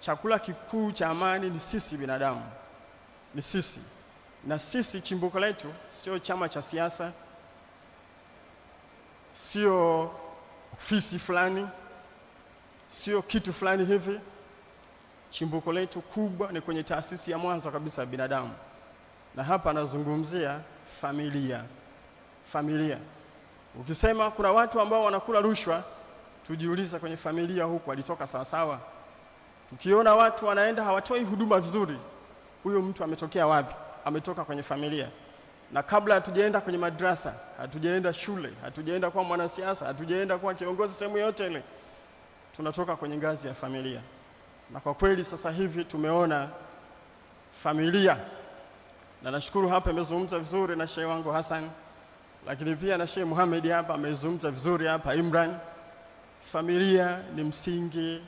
chakula kikuu cha amani ni sisi binadamu, ni sisi na sisi. Chimbuko letu sio chama cha siasa, sio ofisi fulani, sio kitu fulani hivi. Chimbuko letu kubwa ni kwenye taasisi ya mwanzo kabisa binadamu, na hapa anazungumzia familia. Familia, ukisema kuna watu ambao wanakula rushwa, tujiuliza kwenye familia huku walitoka sawasawa? Ukiona watu wanaenda hawatoi huduma vizuri, huyo mtu ametokea wapi? Ametoka kwenye familia. Na kabla hatujaenda kwenye madrasa, hatujaenda shule, hatujaenda kwa mwanasiasa, hatujaenda kwa kiongozi sehemu yote ile, tunatoka kwenye ngazi ya familia. Na kwa kweli sasa hivi tumeona familia, na nashukuru hapa amezungumza vizuri na shehe wangu Hassan, lakini pia na shehe Muhammad hapa amezungumza vizuri hapa Imran. Familia ni msingi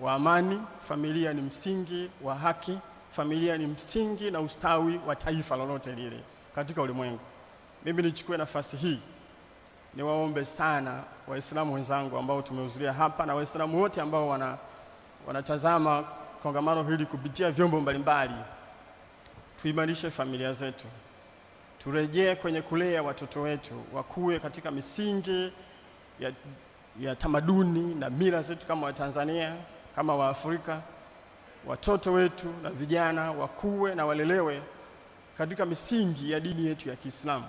wa amani. Familia ni msingi wa haki, familia ni msingi na ustawi wa taifa lolote lile katika ulimwengu. Mimi nichukue nafasi hii niwaombe sana Waislamu wenzangu ambao tumehudhuria hapa na Waislamu wote ambao wana wanatazama kongamano hili kupitia vyombo mbalimbali, tuimarishe familia zetu, turejee kwenye kulea watoto wetu wakuwe katika misingi ya, ya tamaduni na mila zetu kama Watanzania kama Waafrika, watoto wetu na vijana wakuwe na walelewe katika misingi ya dini yetu ya Kiislamu.